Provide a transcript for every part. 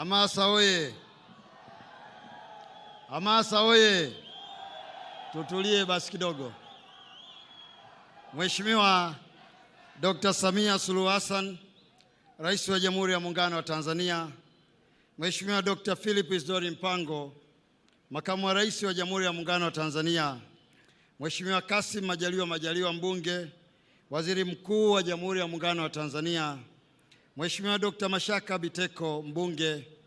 Amasa oye! Amasa oye! Tutulie basi kidogo. Mheshimiwa Dr. Samia Suluhu Hassan, Rais wa Jamhuri ya Muungano wa Tanzania, Mheshimiwa Dr. Philip Isdori Mpango, Makamu wa Rais wa Jamhuri ya Muungano wa Tanzania, Mheshimiwa Kassim Majaliwa Majaliwa Mbunge, Waziri Mkuu wa Jamhuri ya Muungano wa Tanzania, Mheshimiwa Dr. Mashaka Biteko Mbunge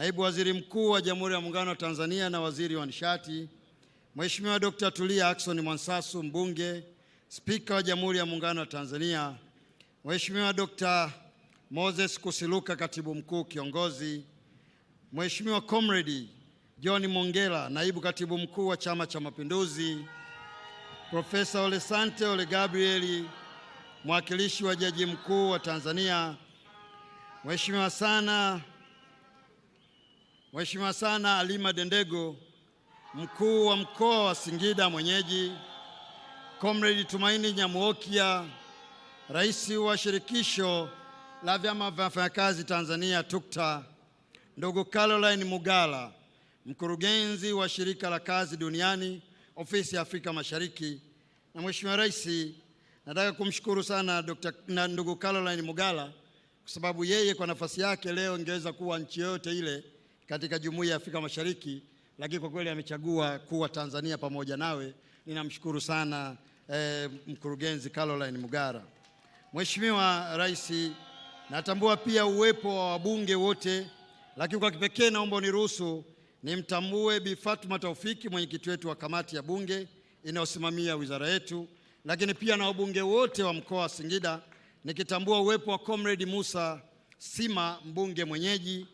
Naibu Waziri Mkuu wa Jamhuri ya Muungano wa Tanzania na Waziri wa Nishati, Mheshimiwa Dkt. Tulia Ackson Mwansasu, Mbunge, Spika wa Jamhuri ya Muungano wa Tanzania, Mheshimiwa Dkt. Moses Kusiluka, Katibu Mkuu Kiongozi, Mheshimiwa Comrade John Mongela, Naibu Katibu Mkuu wa Chama cha Mapinduzi, Profesa Ole Sante Ole Gabrieli, Mwakilishi wa Jaji Mkuu wa Tanzania, Mheshimiwa sana Mheshimiwa sana alima Dendego, mkuu wa mkoa wa Singida mwenyeji, Comrade Tumaini Nyamuokia, rais wa shirikisho la vyama vya wafanyakazi Tanzania tukta ndugu Caroline Mugala, mkurugenzi wa shirika la kazi duniani ofisi ya Afrika Mashariki, na Mheshimiwa Rais, nataka kumshukuru sana Dr. na ndugu Caroline Mugala kwa sababu yeye kwa nafasi yake leo ingeweza kuwa nchi yoyote ile katika Jumuiya ya Afrika Mashariki, lakini kwa kweli amechagua kuwa Tanzania pamoja nawe. Ninamshukuru sana eh, mkurugenzi Caroline Mugara. Mheshimiwa Rais, natambua pia uwepo wa wabunge wote, lakini kwa kipekee naomba uniruhusu nimtambue Bi Fatuma Taufiki, mwenyekiti wetu wa kamati ya bunge inayosimamia wizara yetu, lakini pia na wabunge wote wa mkoa wa Singida, nikitambua uwepo wa Comrade Musa Sima, mbunge mwenyeji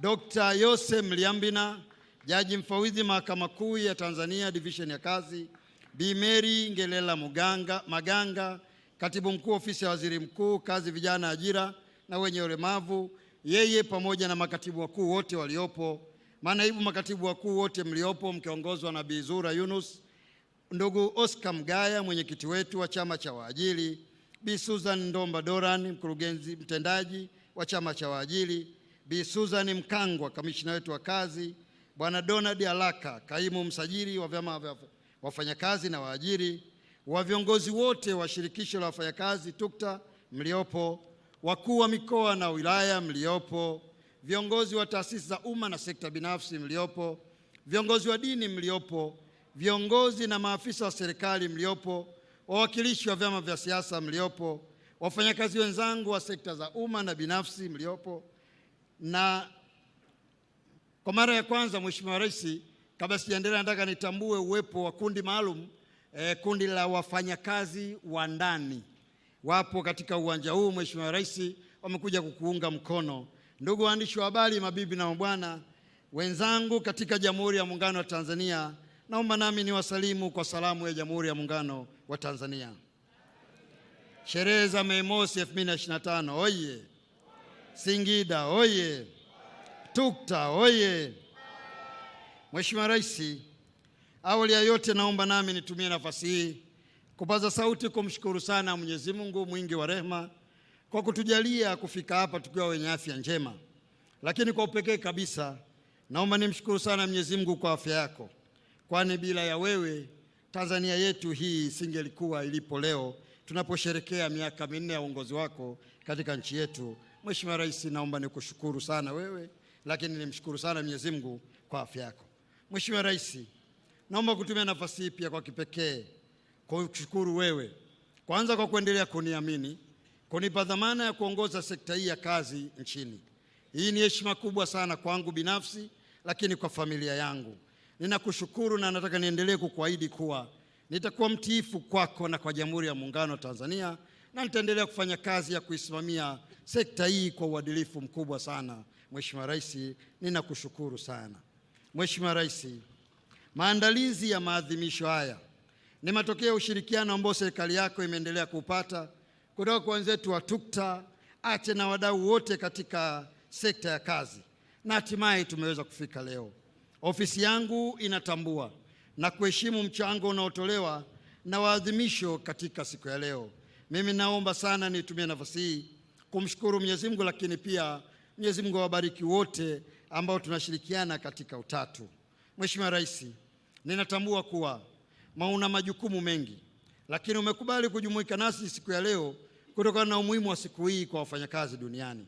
Dr. Yose Mliambina, jaji mfawidhi Mahakama Kuu ya Tanzania division ya kazi, Bi Mary Ngelela Muganga, Maganga, katibu mkuu ofisi ya waziri mkuu, kazi, vijana, ajira na wenye ulemavu, yeye pamoja na makatibu wakuu wote waliopo, manaibu makatibu wakuu wote mliopo, mkiongozwa na Bi Zura Yunus, ndugu Oscar Mgaya, mwenyekiti wetu wa chama cha waajili Bi Susan Ndomba Doran, mkurugenzi mtendaji wa chama cha waajili Bi Susan Mkangwa, kamishina wetu wa kazi, Bwana Donald Alaka, kaimu msajili wa vyama vya wafanyakazi na waajiri, wa viongozi wote wa shirikisho la wafanyakazi tukta mliopo, wakuu wa mikoa na wilaya mliopo, viongozi wa taasisi za umma na sekta binafsi mliopo, viongozi wa dini mliopo, viongozi na maafisa wa serikali mliopo, wawakilishi wa vyama vya siasa mliopo, wafanyakazi wenzangu wa sekta za umma na binafsi mliopo na kwa mara ya kwanza Mheshimiwa Rais, kabla sijaendelea, nataka nitambue uwepo wa kundi maalum eh, kundi la wafanyakazi wa ndani wapo katika uwanja huu. Mheshimiwa Rais, wamekuja kukuunga mkono. Ndugu waandishi wa habari, mabibi na mabwana wenzangu katika Jamhuri ya Muungano wa Tanzania, naomba nami niwasalimu kwa salamu ya Jamhuri ya Muungano wa Tanzania. Sherehe za Mei Mosi 2025 oye! Singida oye! Tukta oye! Mheshimiwa Rais, awali ya yote naomba nami nitumie nafasi hii kupaza sauti kumshukuru sana Mwenyezi Mungu mwingi wa rehema kwa kutujalia kufika hapa tukiwa wenye afya njema, lakini kwa upekee kabisa naomba nimshukuru sana Mwenyezi Mungu kwa afya yako, kwani bila ya wewe Tanzania yetu hii isingelikuwa ilipo leo tunaposherekea miaka minne ya uongozi wako katika nchi yetu. Mheshimiwa Rais, naomba nikushukuru sana wewe, lakini nimshukuru sana Mwenyezi Mungu kwa afya yako. Mheshimiwa Rais, naomba kutumia nafasi hii pia kwa kipekee kushukuru wewe kwanza kwa kuendelea kuniamini, kunipa dhamana ya kuongoza sekta hii ya kazi nchini. Hii ni heshima kubwa sana kwangu binafsi, lakini kwa familia yangu. Ninakushukuru na nataka niendelee kukuahidi kuwa nitakuwa mtiifu kwako na kwa Jamhuri ya Muungano wa Tanzania na nitaendelea kufanya kazi ya kuisimamia sekta hii kwa uadilifu mkubwa sana. Mheshimiwa Rais, ninakushukuru sana. Mheshimiwa Rais, maandalizi ya maadhimisho haya ni matokeo ya ushirikiano ambao serikali yako imeendelea kuupata kutoka kwa wenzetu wa TUKTA ATE na wadau wote katika sekta ya kazi, na hatimaye tumeweza kufika leo. Ofisi yangu inatambua na kuheshimu mchango unaotolewa na waadhimisho katika siku ya leo. Mimi naomba sana nitumie nafasi hii kumshukuru Mwenyezi Mungu, lakini pia Mwenyezi Mungu awabariki wote ambao tunashirikiana katika Utatu. Mheshimiwa Rais, ninatambua kuwa una majukumu mengi, lakini umekubali kujumuika nasi siku ya leo kutokana na umuhimu wa siku hii kwa wafanyakazi duniani.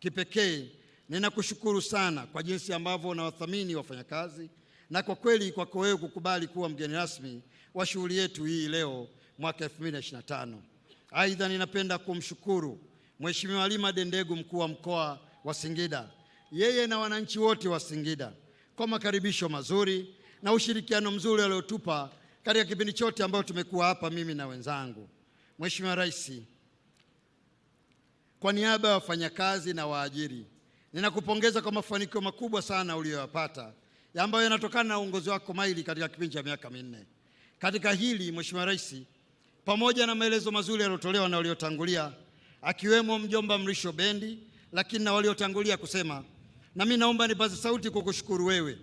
Kipekee ninakushukuru sana kwa jinsi ambavyo unawathamini wafanyakazi na kwa kweli kwako wewe kukubali kuwa mgeni rasmi wa shughuli yetu hii leo mwaka 2025. Aidha, ninapenda kumshukuru Mheshimiwa Lima Dendegu, mkuu wa mkoa wa Singida, yeye na wananchi wote wa Singida kwa makaribisho mazuri na ushirikiano mzuri aliotupa katika kipindi chote ambayo tumekuwa hapa mimi na wenzangu. Mheshimiwa Rais, kwa niaba ya wafanyakazi na waajiri, ninakupongeza kwa mafanikio makubwa sana uliyoyapata ambayo yanatokana na uongozi wako maili katika kipindi cha miaka minne. Katika hili Mheshimiwa Rais pamoja na maelezo mazuri yaliyotolewa na waliotangulia akiwemo mjomba Mrisho Bendi, lakini na waliotangulia kusema, nami naomba nipaze sauti kukushukuru wewe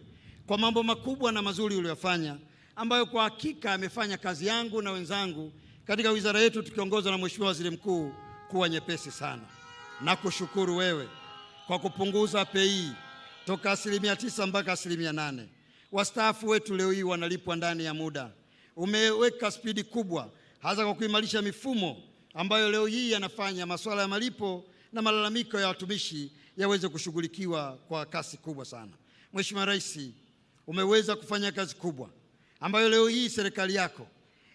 kwa mambo makubwa na mazuri uliyofanya, ambayo kwa hakika amefanya kazi yangu na wenzangu katika wizara yetu tukiongozwa na Mheshimiwa Waziri Mkuu kuwa nyepesi sana. Nakushukuru wewe kwa kupunguza pei toka asilimia tisa mpaka asilimia nane. Wastaafu wetu leo hii wanalipwa ndani ya muda. Umeweka spidi kubwa hasa kwa kuimarisha mifumo ambayo leo hii yanafanya masuala ya malipo na malalamiko ya watumishi yaweze kushughulikiwa kwa kasi kubwa sana. Mheshimiwa Rais, umeweza kufanya kazi kubwa ambayo leo hii serikali yako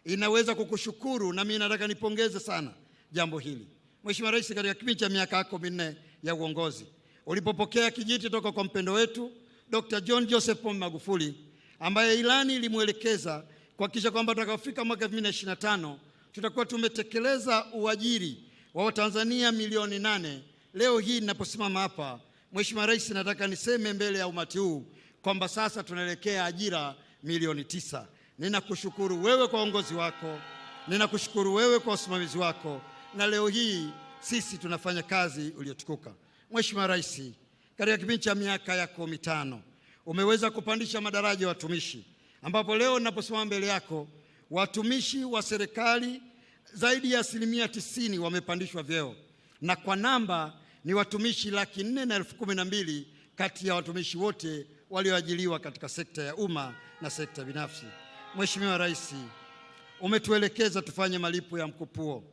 inaweza kukushukuru, na mimi nataka nipongeze sana jambo hili. Mheshimiwa Rais, katika kipindi cha miaka yako minne ya uongozi ulipopokea kijiti toka kwa mpendo wetu Dr. John Joseph Pombe Magufuli ambaye ilani ilimwelekeza kuhakikisha kwamba tutakapofika mwaka 2025 tutakuwa tumetekeleza uajiri wa Watanzania milioni nane. Leo hii ninaposimama hapa, Mheshimiwa Rais, nataka niseme mbele ya umati huu kwamba sasa tunaelekea ajira milioni tisa. Ninakushukuru wewe kwa uongozi wako, ninakushukuru wewe kwa usimamizi wako, na leo hii sisi tunafanya kazi uliotukuka. Mheshimiwa Rais, katika kipindi cha miaka yako mitano umeweza kupandisha madaraja ya watumishi ambapo leo ninaposimama mbele yako watumishi wa serikali zaidi ya asilimia tisini wamepandishwa vyeo na kwa namba ni watumishi laki nne na elfu kumi na mbili kati ya watumishi wote walioajiliwa katika sekta ya umma na sekta binafsi. Mheshimiwa Rais, umetuelekeza tufanye malipo ya mkupuo.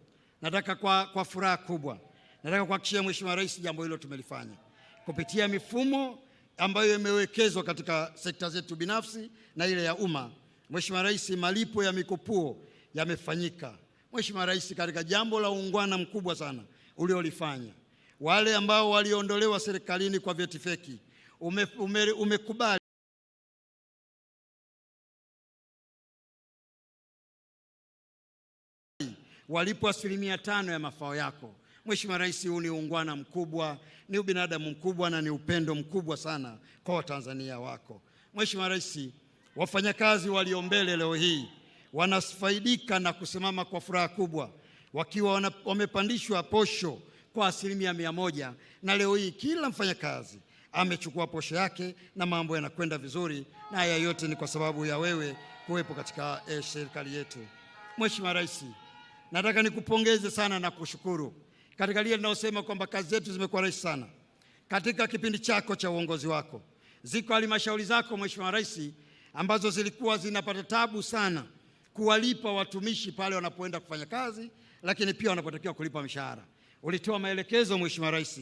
Nataka kwa, kwa furaha kubwa nataka kuhakikishia Mheshimiwa Rais jambo hilo tumelifanya kupitia mifumo ambayo imewekezwa katika sekta zetu binafsi na ile ya umma. Mheshimiwa Rais, malipo ya mikopo yamefanyika. Mheshimiwa Rais, katika jambo la uungwana mkubwa sana uliolifanya, wale ambao waliondolewa serikalini kwa vyeti feki ume, ume, umekubali walipo asilimia tano ya mafao yako. Mheshimiwa Rais, huu ni uungwana mkubwa, ni ubinadamu mkubwa na ni upendo mkubwa sana kwa Watanzania wako. Mheshimiwa Rais, wafanyakazi walio mbele leo hii wanafaidika na kusimama kwa furaha kubwa wakiwa wamepandishwa posho kwa asilimia mia moja na leo hii kila mfanyakazi amechukua posho yake na mambo yanakwenda vizuri, na haya yote ni kwa sababu ya wewe kuwepo katika eh, serikali yetu. Mheshimiwa Rais, nataka nikupongeze sana na kushukuru katika lile linalosema kwamba kazi zetu zimekuwa rahisi sana katika kipindi chako cha uongozi wako. Ziko halmashauri zako Mheshimiwa Rais ambazo zilikuwa zinapata tabu sana kuwalipa watumishi pale wanapoenda kufanya kazi, lakini pia wanapotakiwa kulipa mishahara. Ulitoa maelekezo Mheshimiwa Rais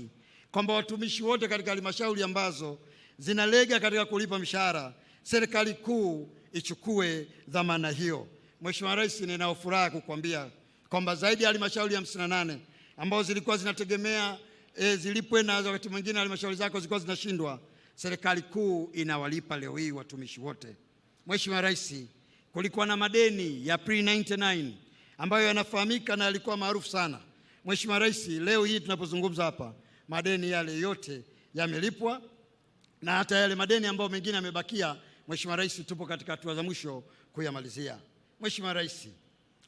kwamba watumishi wote katika halmashauri ambazo zinalega katika kulipa mishahara, serikali kuu ichukue dhamana hiyo. Mheshimiwa Rais, ninao furaha kukwambia kwamba zaidi ya halmashauri 58 ambazo zilikuwa zinategemea e, zilipwe na wakati mwingine halmashauri zako zilikuwa zinashindwa. Serikali kuu inawalipa leo hii watumishi wote. Mheshimiwa Rais, kulikuwa na madeni ya pre 99 ambayo yanafahamika na yalikuwa maarufu sana. Mheshimiwa Rais, leo hii tunapozungumza hapa, madeni yale yote yamelipwa na hata yale madeni ambayo mengine yamebakia, Mheshimiwa Rais, tupo katika hatua za mwisho kuyamalizia. Mheshimiwa Rais,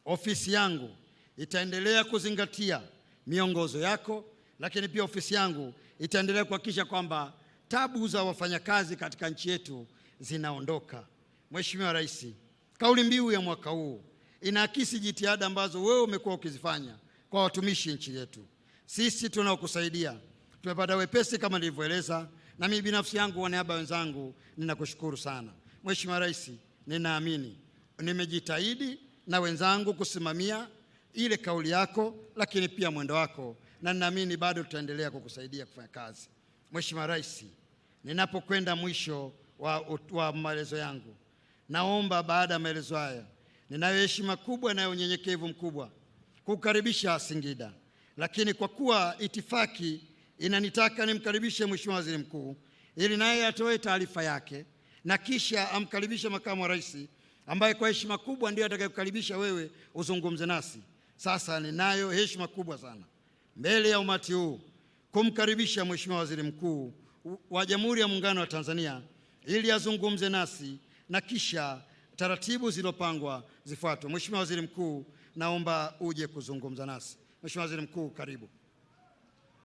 ofisi yangu itaendelea kuzingatia miongozo yako, lakini pia ofisi yangu itaendelea kuhakikisha kwamba tabu za wafanyakazi katika nchi yetu zinaondoka. Mheshimiwa Rais, kauli mbiu ya mwaka huu inaakisi jitihada ambazo wewe umekuwa ukizifanya kwa watumishi nchi yetu. Sisi tunaokusaidia tumepata wepesi kama nilivyoeleza, na mimi binafsi yangu kwa niaba ya wenzangu ninakushukuru sana Mheshimiwa Rais. Ninaamini nimejitahidi na wenzangu kusimamia ile kauli yako, lakini pia mwendo wako, na ninaamini bado tutaendelea kukusaidia kufanya kazi. Mheshimiwa Rais, ninapokwenda mwisho wa, wa maelezo yangu, naomba baada ya maelezo haya, ninayo heshima kubwa na unyenyekevu mkubwa kukaribisha Singida, lakini kwa kuwa itifaki inanitaka nimkaribishe Mheshimiwa Waziri Mkuu ili naye atoe taarifa yake na kisha amkaribishe makamu wa rais ambaye kwa heshima kubwa ndiye atakayekukaribisha wewe uzungumze nasi. Sasa ninayo heshima kubwa sana mbele ya umati huu kumkaribisha Mheshimiwa Waziri Mkuu wa Jamhuri ya Muungano wa Tanzania ili azungumze nasi na kisha taratibu zilizopangwa zifuatwe. Mheshimiwa Waziri Mkuu, naomba uje kuzungumza nasi. Mheshimiwa Waziri Mkuu, karibu.